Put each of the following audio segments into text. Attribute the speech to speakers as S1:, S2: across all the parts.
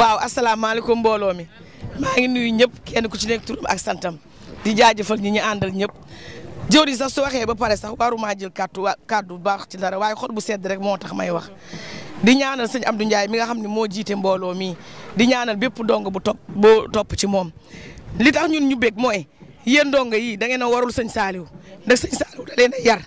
S1: waaw asalaamaaleykum mbooloo mi maa ngi nuyu ñëpp kenn ku ci nekk turam ak santam di jaajëfal ñi ñu àndal ñëpp jëwriñ sax su waxee ba pare sax waruma jël kàddu kàddu baax ci dara waaye xool bu sedd rek moo tax may wax di ñaanal sëñ Abdou njaay mi nga xam ne moo jiite mbooloo mi di ñaanal bépp dong bu topp boo topp ci moom li tax ñun ñu bég mooy yéen dong yi da ngeen a warul sëñ saaliw ndax sëñ Saliou da leen yar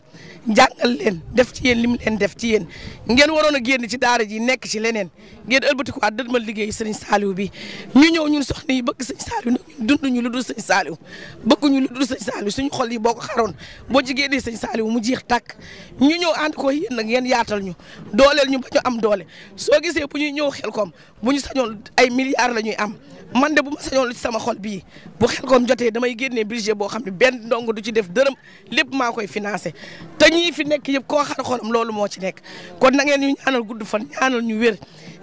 S1: njàngal leen def ci yéen li mu leen def ci yéen ngeen waroon a génn ci daara ji nekk ci leneen ngeen ëlbatikuwaat dëdmal liggéey sëriñ Saliou bi ñu ñëw ñun soxna yi bëgg sëñ Saliou nag ñun dund ñu lu dul sëñ Saliou bëgguñu lu dul sëñ Saliou suñu xol yi boo ko xaroon boo jigéen di sëñ Saliou mu jeex tàkk ñu ñëw ànd ko yéen nag ngeen yaatal ñu dooleel ñu ba ñu am doole soo gisee bu ñuy ñëw Xelkom bu ñu sañoon ay milliards la ñuy am man de bu ma sañoon lu ci sama xol bii bu Xelkom jotee damay génnee budget boo xam ne benn ndongo du ci def dërëm lépp maa koy financé ñii fi nekk yëpp koo xar xolam loolu moo ci nekk kon nangeen ngeen ñu ñaanal gudd fan ñaanal ñu wér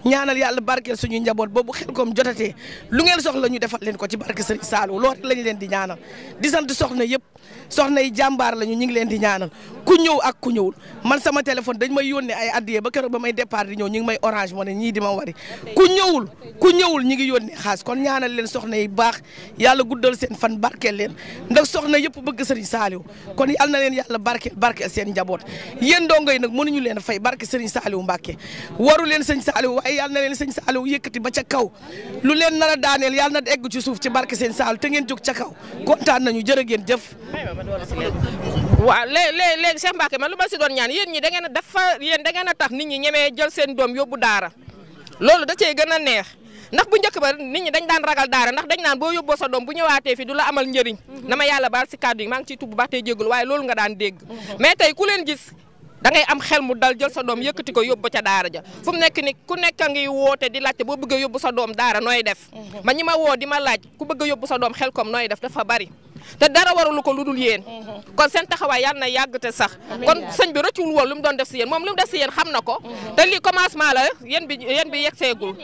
S1: ñaanal yàlla barkeel suñu njaboot boobu xel koom jotatee lu ngeen soxla ñu defal leen ko ci barke Serigne Saliou loolu rek leen di ñaanal di sant soxna yëpp soxna yi jàmbaar lañu ñu ngi leen di ñaanal ku ñëw ak ku ñëwul man sama téléphone dañ may yónnee ay addiyee ba keroog ba may départ di ñëw ñu ngi may orange moo ne ñii di ma wari ku ñëwul ku ñëwul ñu ngi yónnee xaas kon ñaanal leen soxna yi baax yàlla guddal seen fan barke leen ndax soxna yëpp bëgg sëriñ Saliou kon yal na leen la barke barkeel seen njaboot yéen dongo yi nag mënuñu leen fay barke sëriñ Saliou mbake waru leen sëñ Saliou waaye yal na leen sëñ Saliou yëkkati ba ca kaw lu leen nar a daaneel yàlla na egg ci suuf ci barke seen Saliou te ngeen jog ca kaw kontaan nañu jërë ngeen jëf
S2: wa léegi léegi léegi Cheikh mbake man luma ci doon ñaan yeen ñi da ngeen a dafa yéen da ngeen a tax nit ñi ñëmé jël seen doom yobbu daara loolu da cey gëna neex ndax bu ñëk ba nit ñi dañ daan ragal daara ndax dañ naan bo yobbo sa doom bu ñëwaaté fi du la amal ñëriñ dama mhm. yalla baal ci kàddu yi maa ngi ci tubb baax tey jéggul waye loolu nga daan dégg mais tay ku leen gis da ngay am xel mu dal jël sa doom yëkëti ko yóbbu ca daara ja fu mu nekk ni ku nekk ngi woote di laacc bo bëgg yobbu sa doom daara noy def mhm. man ñi ma woo di ma laacc ku bëgg yobbu sa doom xel kom noy def dafa bari te dara waralu ko lu dul yéen mhm. kon seen taxawaay yàlla na yàgg sax kon sëñ bi rëccul woon lu mu doon def yéen moom lu mu def si yéen xam na ko te lii commencement la yéen bi yéen bi yegg seegul